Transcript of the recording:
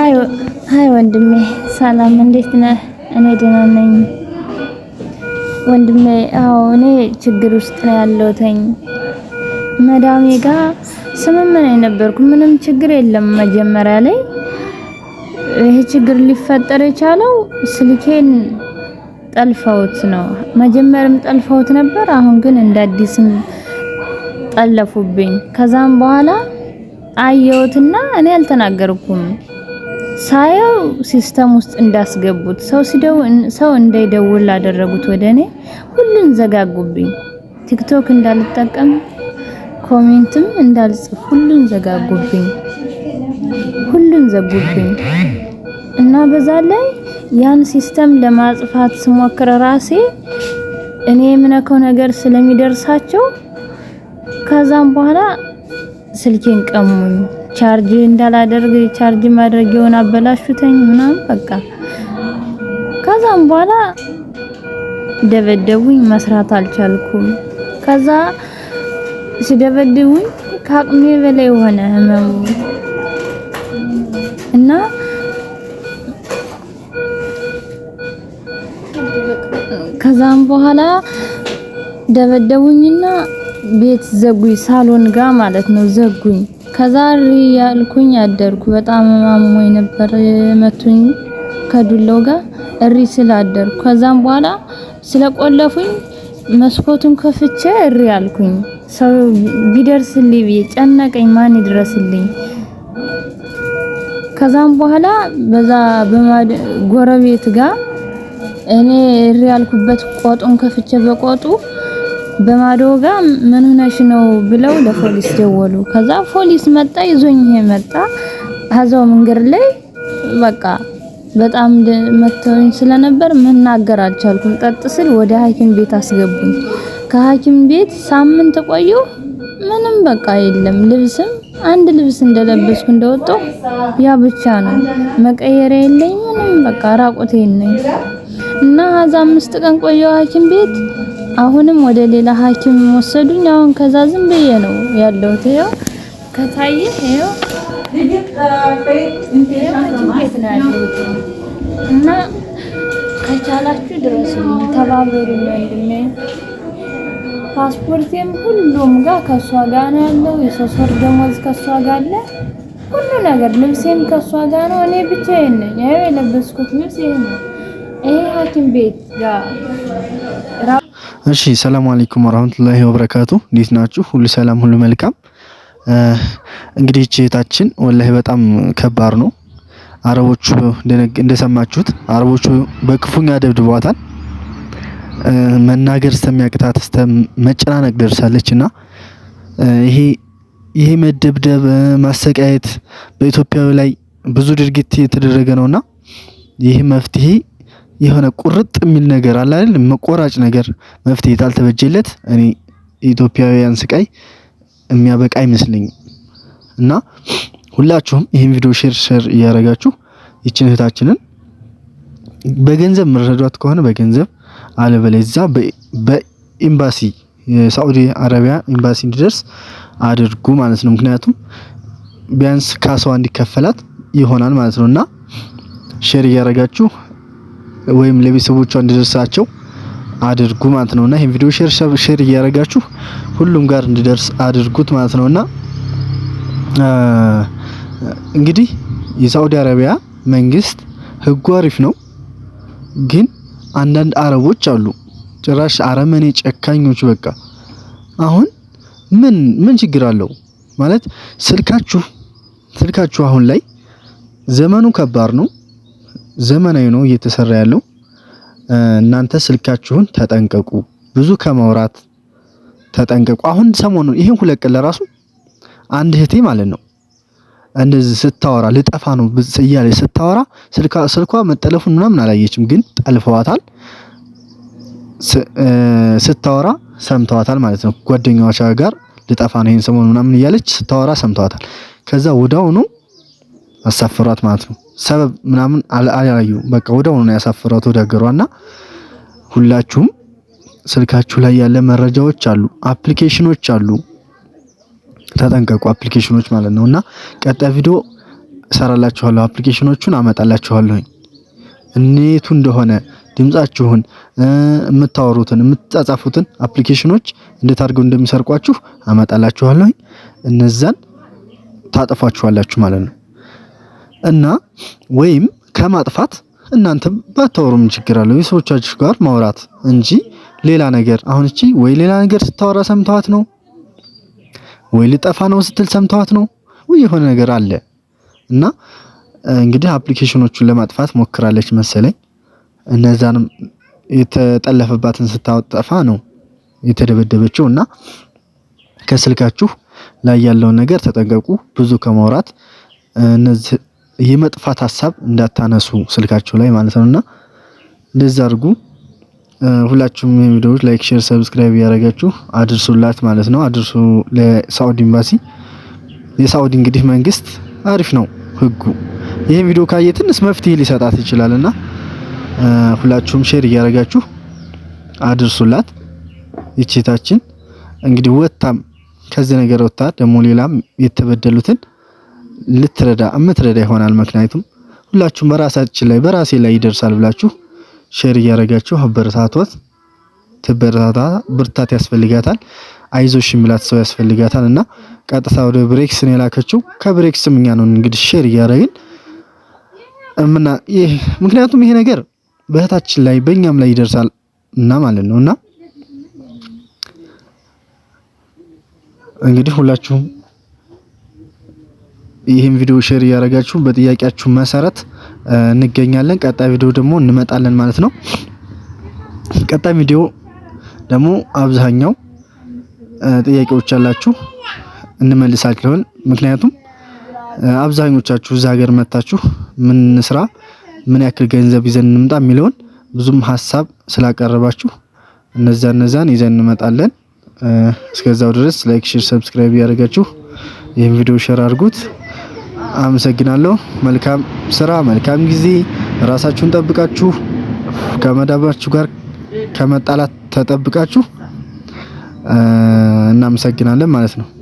ሀይ ወንድሜ ሰላም፣ እንዴት ነህ? እኔ ደህና ነኝ ወንድሜ። አዎ እኔ ችግር ውስጥ ነው ያለሁትኝ። መዳሜ ጋር ስምምን የነበርኩ ምንም ችግር የለም። መጀመሪያ ላይ ይሄ ችግር ሊፈጠር የቻለው ስልኬን ጠልፈውት ነው። መጀመርም ጠልፈውት ነበር፣ አሁን ግን እንደ አዲስም ጠለፉብኝ። ከዛም በኋላ አየሁትና እኔ አልተናገርኩም። ሳየው ሲስተም ውስጥ እንዳስገቡት ሰው ሲደው ሰው እንዳይደውል ላደረጉት ወደ እኔ ሁሉን ዘጋጉብኝ። ቲክቶክ እንዳልጠቀም ኮሜንትም እንዳልጽፍ ሁሉን ዘጋጉብኝ፣ ሁሉን ዘጉብኝ እና በዛ ላይ ያን ሲስተም ለማጽፋት ስሞክር ራሴ እኔ የምነከው ነገር ስለሚደርሳቸው ከዛም በኋላ ስልኬን ቀሙኝ። ቻርጅ እንዳላደርግ ቻርጅ ማድረጊያውን አበላሹተኝ ምናምን በቃ። ከዛም በኋላ ደበደቡኝ፣ መስራት አልቻልኩም። ከዛ ሲደበድቡኝ ከአቅሜ በላይ የሆነ ህመሙ እና ከዛም በኋላ ደበደቡኝና ቤት ዘጉኝ፣ ሳሎን ጋር ማለት ነው ዘጉኝ። ከዛሬ ያልኩኝ አደርኩ። በጣም አሞኝ ነበር መቱኝ ከዱላው ጋር እሪ ስል ከዛም በኋላ ስለቆለፉኝ መስኮቱን ከፍቼ እሪ አልኩኝ። ሰው ቢደርስልኝ ብዬ ጨነቀኝ፣ ማን ይድረስልኝ። ከዛም በኋላ በዛ ጎረቤት ጋር እኔ እሪ ያልኩበት ቆጡን ከፍቼ በቆጡ በማዶ ጋ ምን ሆነሽ ነው ብለው ለፖሊስ ደወሉ። ከዛ ፖሊስ መጣ፣ ይዞኝ ይሄ መጣ። ከዛው መንገድ ላይ በቃ በጣም መተውኝ ስለነበር መናገር አልቻልኩም። ጠጥ ስል ወደ ሐኪም ቤት አስገቡኝ። ከሐኪም ቤት ሳምንት ቆየሁ። ምንም በቃ የለም። ልብስም አንድ ልብስ እንደለበስኩ እንደወጣሁ ያ ብቻ ነው። መቀየሪያ የለኝ ምንም በቃ ራቁቴን ነኝ እና አምስት ቀን ቆየው ሐኪም ቤት። አሁንም ወደ ሌላ ሐኪም ወሰዱኝ። አሁን ከዛ ዝም ብዬ ነው ያለሁት። ይኸው ከታየ ነው እና ከቻላችሁ ድረስ ተባበሩ ወንድሜ። ፓስፖርቴም ሁሉም ጋር ከሷ ጋር ነው ያለው። የሶስት ደሞዝ ከሷ ጋር አለ። ሁሉ ነገር ልብሴም ከሷ ጋር ነው። እኔ ብቻዬን ነኝ። ይኸው የለበስኩት ልብስ ይሄ ነው። እሺ ሰላም አለይኩም ወራህመቱላሂ ወበረካቱ። እንዴት ናችሁ? ሁሉ ሰላም፣ ሁሉ መልካም። እንግዲህ እህታችን ወላሂ በጣም ከባድ ነው። አረቦቹ እንደሰማችሁት አረቦቹ በክፉኛ ደብድቧታል። መናገር እስከሚያቅታት እስከ መጨናነቅ ደርሳለች እና ይሄ ይሄ መደብደብ ማሰቃየት በኢትዮጵያዊ ላይ ብዙ ድርጊት የተደረገ ነውና ይህ መፍትሄ የሆነ ቁርጥ የሚል ነገር አለ አይደል መቆራጭ ነገር መፍትሄ ታልተበጀለት እኔ ኢትዮጵያውያን ስቃይ የሚያበቃ አይመስለኝም። እና ሁላችሁም ይህን ቪዲዮ ሼር ሼር እያደረጋችሁ ይችን እህታችንን በገንዘብ መረዷት ከሆነ በገንዘብ አለበለዚያ በኤምባሲ የሳዑዲ አረቢያ ኤምባሲ እንዲደርስ አድርጉ ማለት ነው። ምክንያቱም ቢያንስ ካሳዋ እንዲከፈላት ይሆናል ማለት ነው እና ሼር እያደረጋችሁ ወይም ለቤተሰቦቿ እንዲደርሳቸው አድርጉ ማለት ነውና ይሄን ቪዲዮ ሼር ሼር እያደረጋችሁ ሁሉም ጋር እንዲደርስ አድርጉት ማለት ነውና እንግዲህ የሳዑዲ አረቢያ መንግስት ህጉ አሪፍ ነው፣ ግን አንዳንድ አረቦች አሉ ጭራሽ አረመኔ ጨካኞች። በቃ አሁን ምን ምን ችግር አለው ማለት ስልካችሁ ስልካችሁ አሁን ላይ ዘመኑ ከባድ ነው። ዘመናዊ ነው እየተሰራ ያለው። እናንተ ስልካችሁን ተጠንቀቁ፣ ብዙ ከማውራት ተጠንቀቁ። አሁን ሰሞኑን ይሄን ሁለት ቀን ለራሱ አንድ እህቴ ማለት ነው እንደዚህ ስታወራ ልጠፋ ነው እያለች ስታወራ ስልኳ መጠለፉን ምናምን አላየችም፣ ግን ጠልፈዋታል። ስታወራ ሰምተዋታል ማለት ነው። ጓደኛዋ ጋር ልጠፋ ነው ይሄን ሰሞኑን ምናምን እያለች ስታወራ ሰምተዋታል። ከዛ ወዳውኑ ነው አሳፈሯት ማለት ነው። ሰበብ ምናምን አላዩ በቃ ወደው ነው ያሳፈሯት ወደ ሀገሯ። እና ሁላችሁም ስልካችሁ ላይ ያለ መረጃዎች አሉ፣ አፕሊኬሽኖች አሉ፣ ተጠንቀቁ። አፕሊኬሽኖች ማለት ነው እና ቀጣይ ቪዲዮ እሰራላችኋለሁ፣ አፕሊኬሽኖቹን አመጣላችኋለሁኝ እኔቱ እንደሆነ ድምጻችሁን የምታወሩትን የምትጻጻፉትን አፕሊኬሽኖች እንዴት አድርገው እንደሚሰርቋችሁ አመጣላችኋለሁ። እነዛን ታጠፏችኋላችሁ ማለት ነው። እና ወይም ከማጥፋት እናንተም ባታወሩም ችግር አለው? የሰዎቻችሁ ጋር ማውራት እንጂ ሌላ ነገር። አሁን እቺ ወይ ሌላ ነገር ስታወራ ሰምተዋት ነው፣ ወይ ልጠፋ ነው ስትል ሰምተዋት ነው፣ ወይ የሆነ ነገር አለ እና እንግዲህ አፕሊኬሽኖቹን ለማጥፋት ሞክራለች መሰለኝ። እነዛንም የተጠለፈባትን ስታጠፋ ነው የተደበደበችው። እና ከስልካችሁ ላይ ያለውን ነገር ተጠንቀቁ። ብዙ ከማውራት እነዚህ የመጥፋት ሀሳብ እንዳታነሱ ስልካችሁ ላይ ማለት ነው እና እንደዛ አድርጉ። ሁላችሁም የሚዲዎች ላይክ፣ ሼር፣ ሰብስክራይብ እያደረጋችሁ አድርሱላት ማለት ነው። አድርሱ ለሳዑዲ ኤምባሲ። የሳዑዲ እንግዲህ መንግስት አሪፍ ነው ህጉ። ይህ ቪዲዮ ካየ ትንሽ መፍትሄ ሊሰጣት ይችላል እና ሁላችሁም ሼር እያደረጋችሁ አድርሱላት። ይቺታችን እንግዲህ ወታም ከዚህ ነገር ወታ ደግሞ ሌላም የተበደሉትን ልትረዳ እምትረዳ ይሆናል። ምክንያቱም ሁላችሁም በራሳችን ላይ በራሴ ላይ ይደርሳል ብላችሁ ሼር እያደረጋችሁ አበረታቷት። ትበረታታ ብርታት ያስፈልጋታል። አይዞሽ የሚላት ሰው ያስፈልጋታል። እና ቀጥታ ወደ ብሬክስ ነው የላከችው። ከብሬክስም እኛ ነው እንግዲህ ሼር እያደረግን ይህ ምክንያቱም ይሄ ነገር በእህታችን ላይ በእኛም ላይ ይደርሳል እና ማለት ነው እና እንግዲህ ሁላችሁም ይህን ቪዲዮ ሼር እያደረጋችሁ በጥያቄያችሁ መሰረት እንገኛለን። ቀጣይ ቪዲዮ ደግሞ እንመጣለን ማለት ነው። ቀጣይ ቪዲዮ ደግሞ አብዛኛው ጥያቄዎች ያላችሁ እንመልሳለን። ምክንያቱም አብዛኞቻችሁ እዛ ሀገር መታችሁ ምን ስራ፣ ምን ያክል ገንዘብ ይዘን እንምጣ የሚለውን ብዙም ሀሳብ ስላቀረባችሁ እነዛ እነዛን ይዘን እንመጣለን። እስከዛው ድረስ ላይክ፣ ሼር፣ ሰብስክራይብ ያደርጋችሁ ይህን ቪዲዮ ሼር አድርጉት። አመሰግናለሁ። መልካም ስራ፣ መልካም ጊዜ። ራሳችሁን ጠብቃችሁ ከመዳባችሁ ጋር ከመጣላት ተጠብቃችሁ እናመሰግናለን ማለት ነው።